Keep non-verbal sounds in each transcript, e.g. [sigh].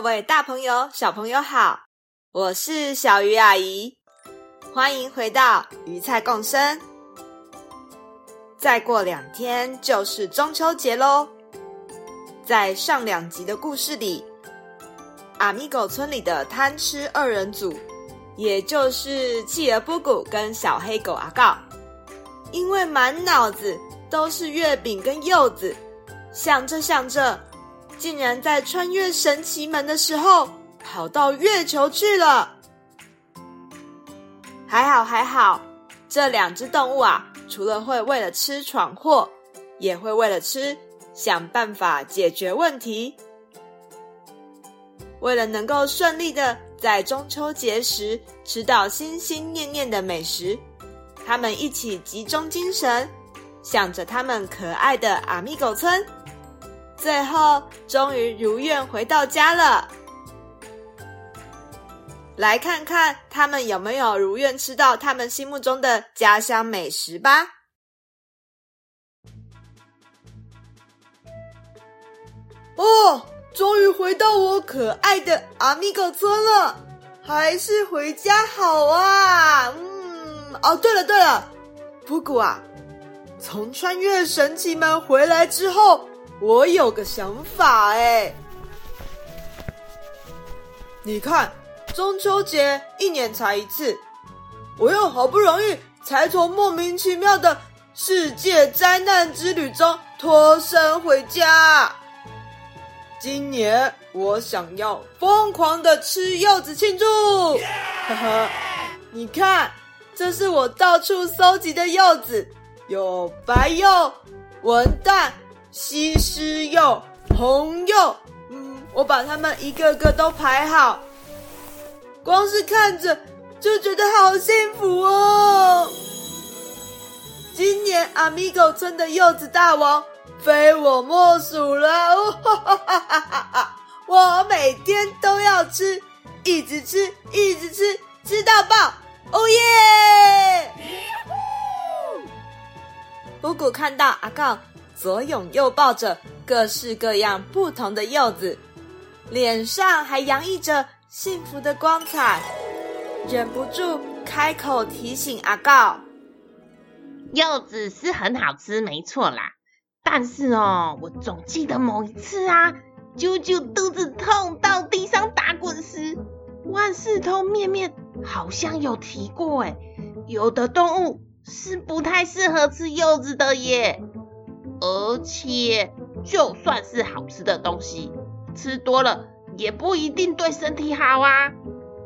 各位大朋友、小朋友好，我是小魚阿姨，歡迎回到魚菜共聲。再過兩天就是中秋節嘍，在上兩集的故事裡，Amigo 村裡的貪吃二人組，也就是企鵝布咕跟小黑狗阿告，因為滿腦子都是月餅跟柚子，想着想着。竟然在穿越神奇門的時候跑到月球去了！還好還好，這兩只動物啊，除了會為了吃闖禍，也會為了吃想辦法解決問題。為了能夠順利的在中秋節時吃到心心念念的美食，他們一起集中精神，想著他們可愛的 Amigo 村。最後，終於如願回到家了。來看看他們有沒有如願吃到他們心目中的家鄉美食吧。哦，終於回到我可愛的阿米狗村了，還是回家好啊！嗯，哦，對了對了，布咕啊，從穿越神奇門回來之後。我有個想法哎，你看，中秋節一年才一次，我又好不容易才從莫名其妙的世界災難之旅中脫身回家。今年我想要瘋狂的吃柚子慶祝，Yeah! [laughs] 你看，這是我到處蒐集的柚子，有白柚、文旦。西施柚、紅柚，嗯，我把它們一個個都排好，光是看着就覺得好幸福哦。今年 Amigo 村的柚子大王非我莫屬了哦哈哈哈哈！我每天都要吃，一直吃，一直吃，吃到爆！哦耶！布咕看到阿告，啊左擁右抱着各式各樣不同的柚子，臉上還洋溢着幸福的光彩，忍不住開口提醒阿告：“柚子是很好吃，沒錯啦。但是哦，我總記得某一次啊，啾啾肚子痛到地上打滾時，萬事通面面好像有提過，哎，有的動物是不太適合吃柚子的耶。”而且，就算是好吃的東西，吃多了也不一定對身體好啊！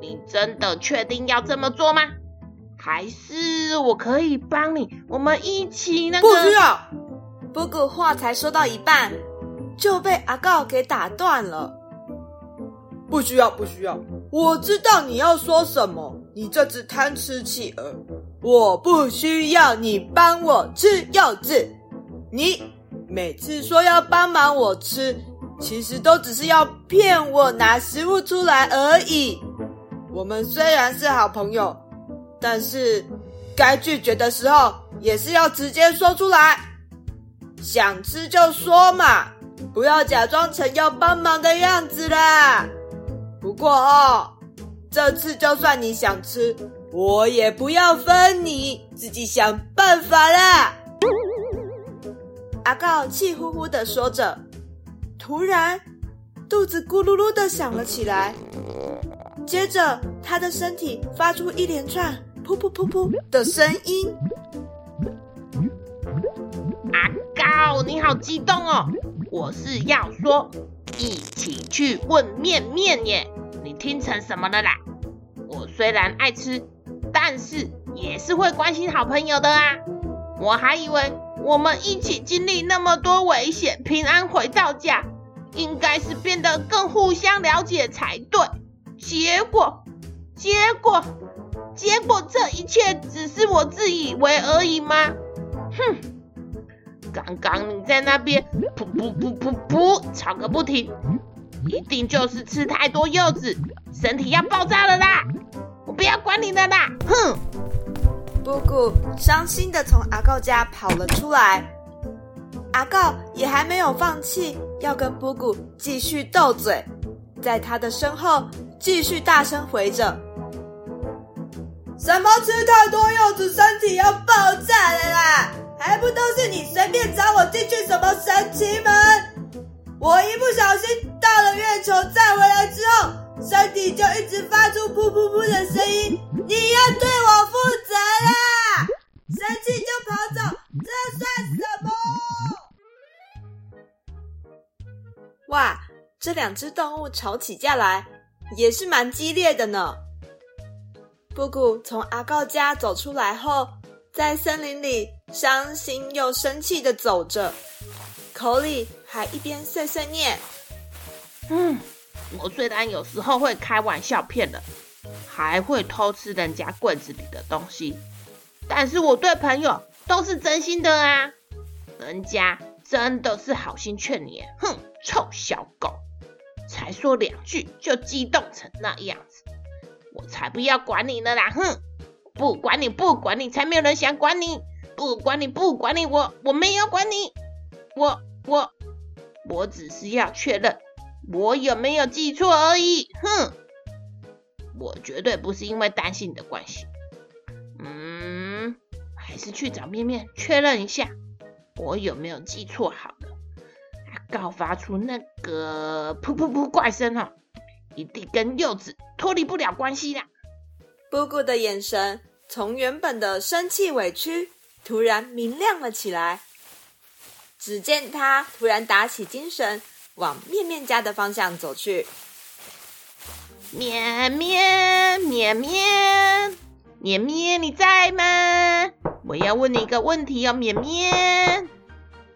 你真的確定要這麼做嗎？還是我可以幫你？我們一起那個？不需要。布咕話才說到一半，就被阿告給打斷了。不需要，不需要。我知道你要說什麼，你這隻貪吃企鵝，我不需要你幫我吃柚子。你每次說要幫忙我吃，其實都只是要騙我拿食物出來而已。我們雖然是好朋友，但是該拒絕的時候也是要直接說出來。想吃就說嘛，不要假裝成要幫忙的樣子啦。不過哦，這次就算你想吃，我也不要分你，自己想辦法啦。阿告氣呼呼的說着，突然肚子咕嚕嚕的響了起來，接着他的身體發出一連串噗噗噗噗噗的聲音。阿告，你好激動哦！我是要說一起去問面面耶，你聽成什麼了啦？我雖然愛吃，但是也是會關心好朋友的啊！我還以為。我們一起經歷那麼多危險，平安回到家，應該是變得更互相了解才對。結果，結果，結果，這一切只是我自以為而已嗎？哼！剛剛你在那邊噗噗噗噗噗吵個不停，一定就是吃太多柚子，身體要爆炸了啦！我不要管你的啦！哼！布咕傷心的從阿告家跑了出來，阿告也還沒有放棄，要跟布咕繼續鬥嘴，在他的身後繼續大聲回着：“什麼吃太多柚子，身體要爆炸了啦？還不都是你隨便找我進去什麼神奇門？我一不小心到了月球，再回來之後。”身體就一直發出噗噗噗的聲音，你要對我負責啦！生氣就跑走，這算什麼？哇，這兩隻動物吵起架來也是蠻激烈的呢。布咕從阿告家走出來後，在森林裡傷心又生氣地走着，口裡還一邊碎碎念：“嗯。”我雖然有時候會開玩笑騙人，還會偷吃人家櫃子裡的東西，但是我對朋友都是真心的啊！人家真的是好心勸你，哼，臭小狗，才說兩句就激動成那樣子，我才不要管你呢啦！哼，不管你不管你，才沒有人想管你，不管你不管你，我我沒有管你，我我我只是要確認。我有沒有記錯而已，哼！我絕對不是因為擔心你的關係。嗯，還是去找面面確認一下，我有沒有記錯好了。阿告發出那個噗噗噗怪聲哦、喔，一定跟柚子脫離不了關係啦。布咕的眼神從原本的生氣委屈，突然明亮了起來。只見他突然打起精神，往面面家的方向走去。面面，面面，面面，你在嗎？我要問你一個問題哦，面面，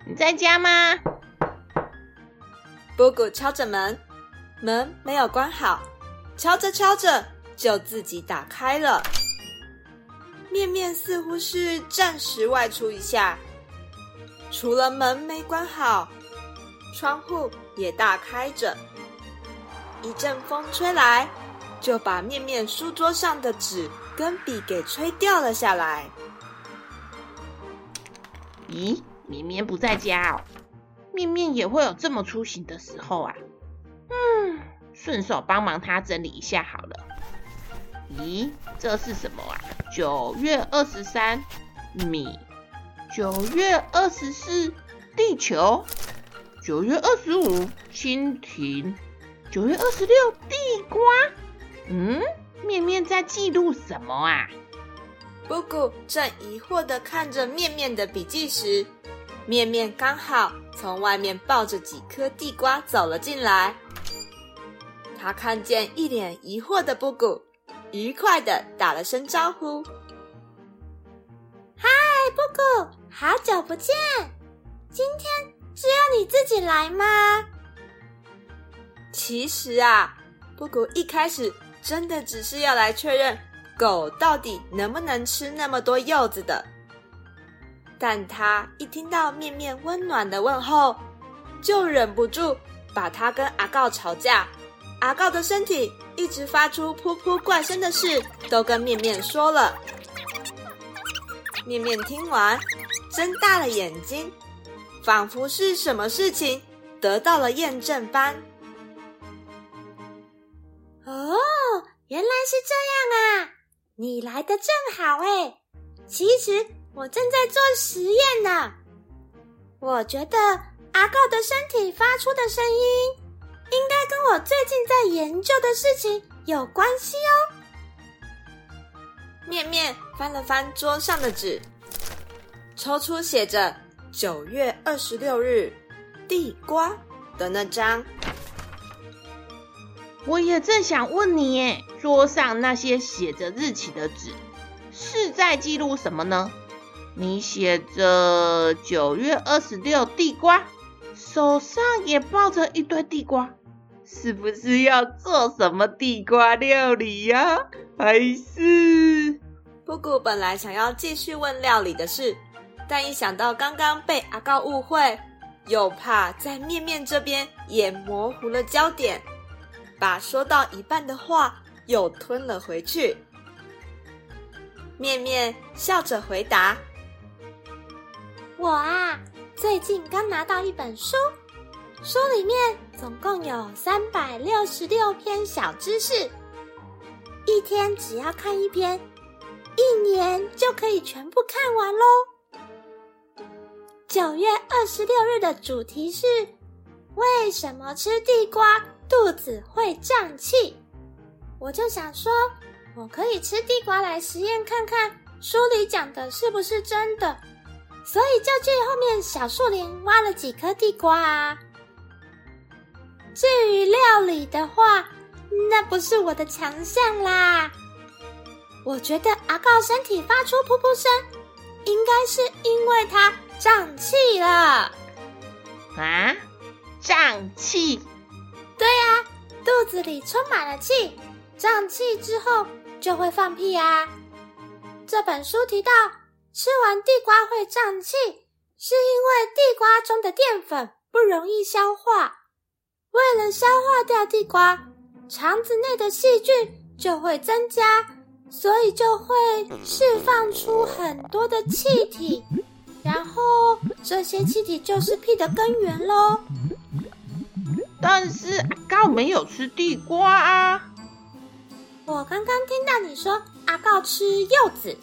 你在家嗎？布咕敲着門，門沒有關好，敲着敲着就自己打開了。面面似乎是暫時外出一下，除了門沒關好，窗戶也大開着，一陣風吹來，就把面面書桌上的紙跟筆給吹掉了下來。咦，綿綿不在家哦。面面也會有這麼粗心的時候啊。嗯，順手幫忙他整理一下好了。咦，這是什麼啊？九月二十三，米。九月二十四，地球。九月二十五，蜻蜓；九月二十六，地瓜。嗯，面面在記錄什麼啊？布咕正疑惑的看着面面的筆記時，面面剛好從外面抱着幾顆地瓜走了進來。他看見一臉疑惑的布咕，愉快的打了聲招呼：“嗨，布咕，好久不見！今天。”是要你自己來嗎？其實啊，布咕一開始真的只是要來確認狗到底能不能吃那麼多柚子的，但他一聽到面面溫暖的問候，就忍不住把他跟阿告吵架、阿告的身體一直發出噗噗怪聲的事都跟面面說了。面面聽完，睜大了眼睛。仿佛是什麼事情得到了驗證般。哦，原來是這樣啊！你來得正好誒、欸、其實我正在做實驗呢。我覺得阿告的身體發出的聲音，應該跟我最近在研究的事情有關係哦。面面翻了翻桌上的紙，抽出寫着。九月二十六日，地瓜的那張。我也正想問你耶，桌上那些寫着日期的紙是在記錄什麼呢？你寫着九月二十六，地瓜，手上也抱着一堆地瓜，是不是要做什麼地瓜料理呀、啊？還是布咕本來想要繼續問料理的事。但一想到剛剛被阿告誤會，又怕在面面這邊也模糊了焦點，把說到一半的話又吞了回去。面面笑着回答：“我啊，最近剛拿到一本書，書裡面總共有三百六十六篇小知識，一天只要看一篇，一年就可以全部看完咯。九月二十六日的主題是為什麼吃地瓜肚子會脹氣？我就想說，我可以吃地瓜來實驗看看書裡講的是不是真的，所以就去後面小樹林挖了幾顆地瓜啊。至於料理的話，那不是我的強項啦。我覺得阿告身體發出噗噗聲，應該是因為他。脹氣了啊！脹氣，對呀，啊，肚子裡充滿了氣。脹氣之後就會放屁啊。這本書提到，吃完地瓜會脹氣，是因為地瓜中的澱粉不容易消化。為了消化掉地瓜，腸子內的細菌就會增加，所以就會釋放出很多的氣體。然後這些氣體就是屁的根源咯但是阿告沒有吃地瓜啊。我剛剛聽到你說阿告吃柚子，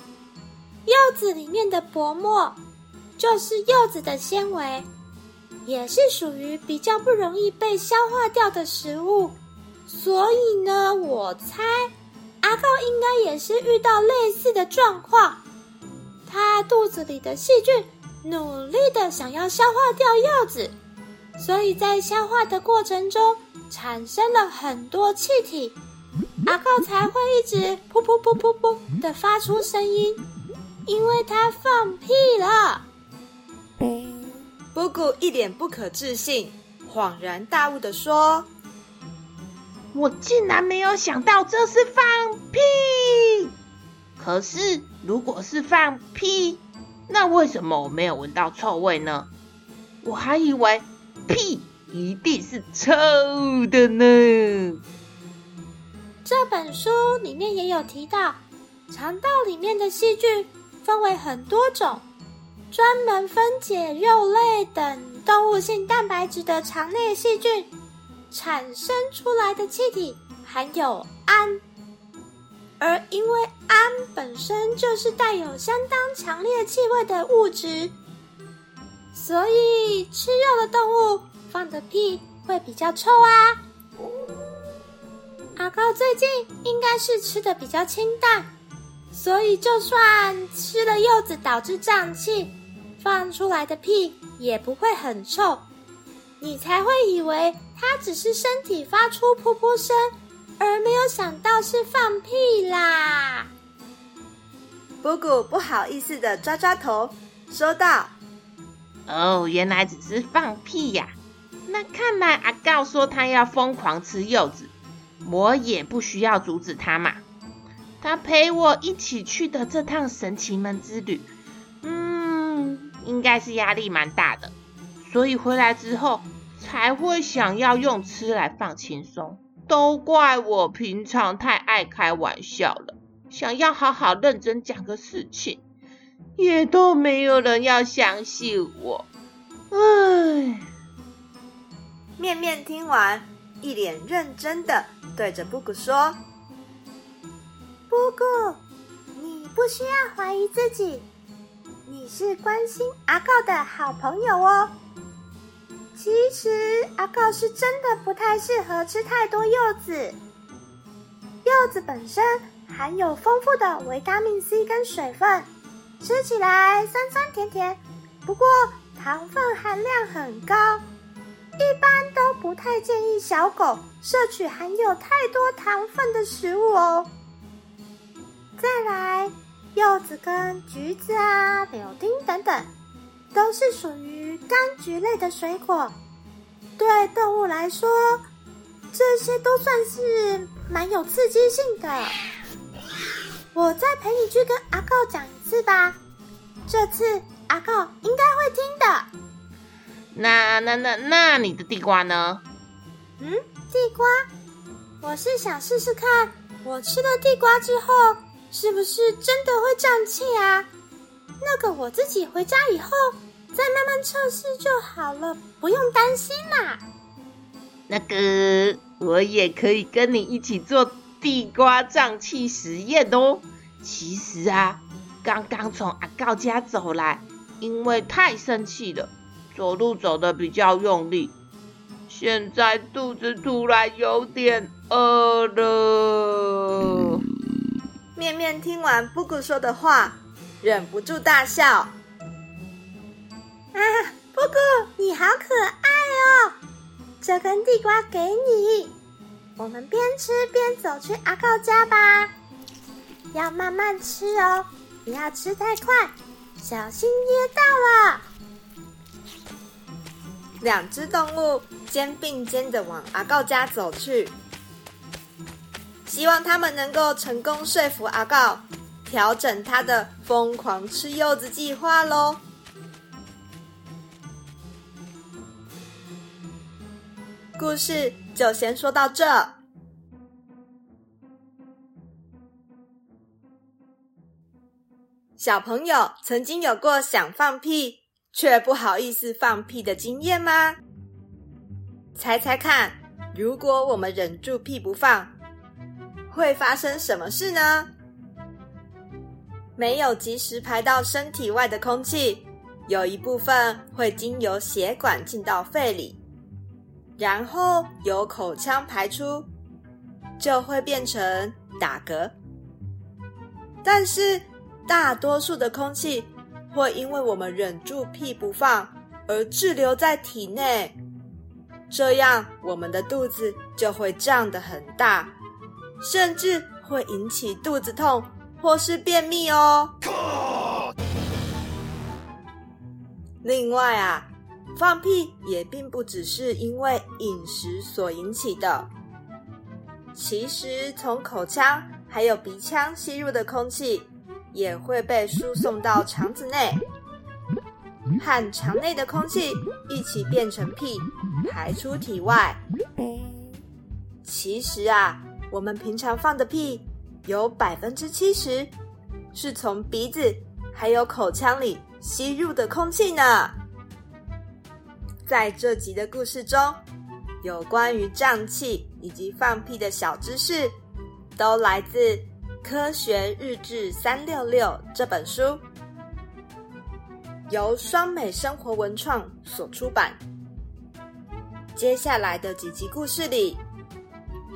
柚子裡面的薄膜就是柚子的纖維，也是屬於比較不容易被消化掉的食物。所以呢，我猜阿告應該也是遇到類似的狀況。他肚子裡的細菌努力的想要消化掉柚子，所以在消化的過程中產生了很多氣體，阿告才會一直噗噗噗噗噗的發出聲音，因為他放屁了。布咕一臉不可置信，恍然大悟的說：“我竟然沒有想到這是放屁！”可是，如果是放屁，那為什麼我沒有聞到臭味呢？我還以為屁一定是臭的呢。這本書裡面也有提到，腸道裡面的細菌分為很多種，專門分解肉類等動物性蛋白質的腸內細菌，產生出來的氣體含有氨。而因為氨本身就是帶有相當強烈氣味的物質，所以吃肉的動物放的屁會比較臭啊。阿告、嗯啊、最近應該是吃的比較清淡，所以就算吃了柚子導致脹氣，放出來的屁也不會很臭。你才會以為它只是身體發出噗噗聲。而沒有想到是放屁啦！布咕不好意思的抓抓頭，說道：“哦，原來只是放屁呀、啊！那看來阿告說他要瘋狂吃柚子，我也不需要阻止他嘛。他陪我一起去的這趟神奇門之旅，嗯，應該是壓力蠻大的，所以回來之後才會想要用吃來放輕鬆。”都怪我平常太愛開玩笑了，想要好好認真講個事情，也都沒有人要相信我。唉，面面聽完，一臉認真的對着布咕說：“布咕，你不需要懷疑自己，你是關心阿告的好朋友哦。”其實，阿告是真的不太適合吃太多柚子。柚子本身含有豐富的維他命 C 跟水分，吃起來酸酸甜甜，不過糖分含量很高，一般都不太建議小狗攝取含有太多糖分的食物哦。再來，柚子跟橘子啊、柳丁等等，都是屬於柑橘類的水果，對動物來說，這些都算是蠻有刺激性的。我再陪你去跟阿告講一次吧，這次阿告應該會聽的。那那那那，你的地瓜呢？嗯，地瓜，我是想試試看，我吃了地瓜之後，是不是真的會脹氣啊？那個我自己回家以後再慢慢測試就好了，不用擔心啦。那個我也可以跟你一起做地瓜脹氣實驗哦。其實啊，剛剛從阿告家走來，因為太生氣了，走路走得比較用力，現在肚子突然有點餓了。面面聽完布咕說的話。忍不住大笑，啊，布咕，你好可愛哦！這根地瓜給你，我們邊吃邊走去阿告家吧。要慢慢吃哦，不要吃太快，小心噎到了。兩隻動物肩並肩的往阿告家走去，希望他們能夠成功說服阿告。調整他的瘋狂吃柚子計劃嘍。故事就先說到這。小朋友曾經有過想放屁卻不好意思放屁的經驗嗎？猜猜看，如果我們忍住屁不放，會發生什麼事呢？沒有及時排到身體外的空氣，有一部分會經由血管進到肺裡，然後由口腔排出，就會變成打嗝。但是大多數的空氣會因為我們忍住屁不放而滯留在體內，這樣我們的肚子就會脹得很大，甚至會引起肚子痛。或是便秘哦。另外啊，放屁也並不只是因為飲食所引起的。其實從口腔還有鼻腔吸入的空氣，也會被輸送到腸子內，和腸內的空氣一起變成屁，排出體外。其實啊，我們平常放的屁，有百分之七十是從鼻子還有口腔裡吸入的空氣呢。在這集的故事中，有關於脹氣以及放屁的小知識，都來自《科學日誌三六六》這本書，由雙美生活文創所出版。接下來的幾集故事裡。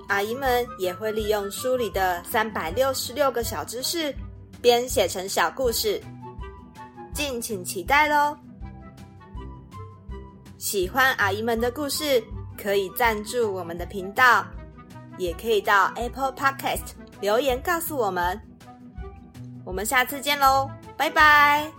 阿姨們也會利用書裡的三百六十六個小知識，編寫成小故事，敬請期待嘍！喜歡阿姨們的故事，可以贊助我們的頻道，也可以到 Apple Podcast 留言告訴我們。我們下次見嘍，拜拜！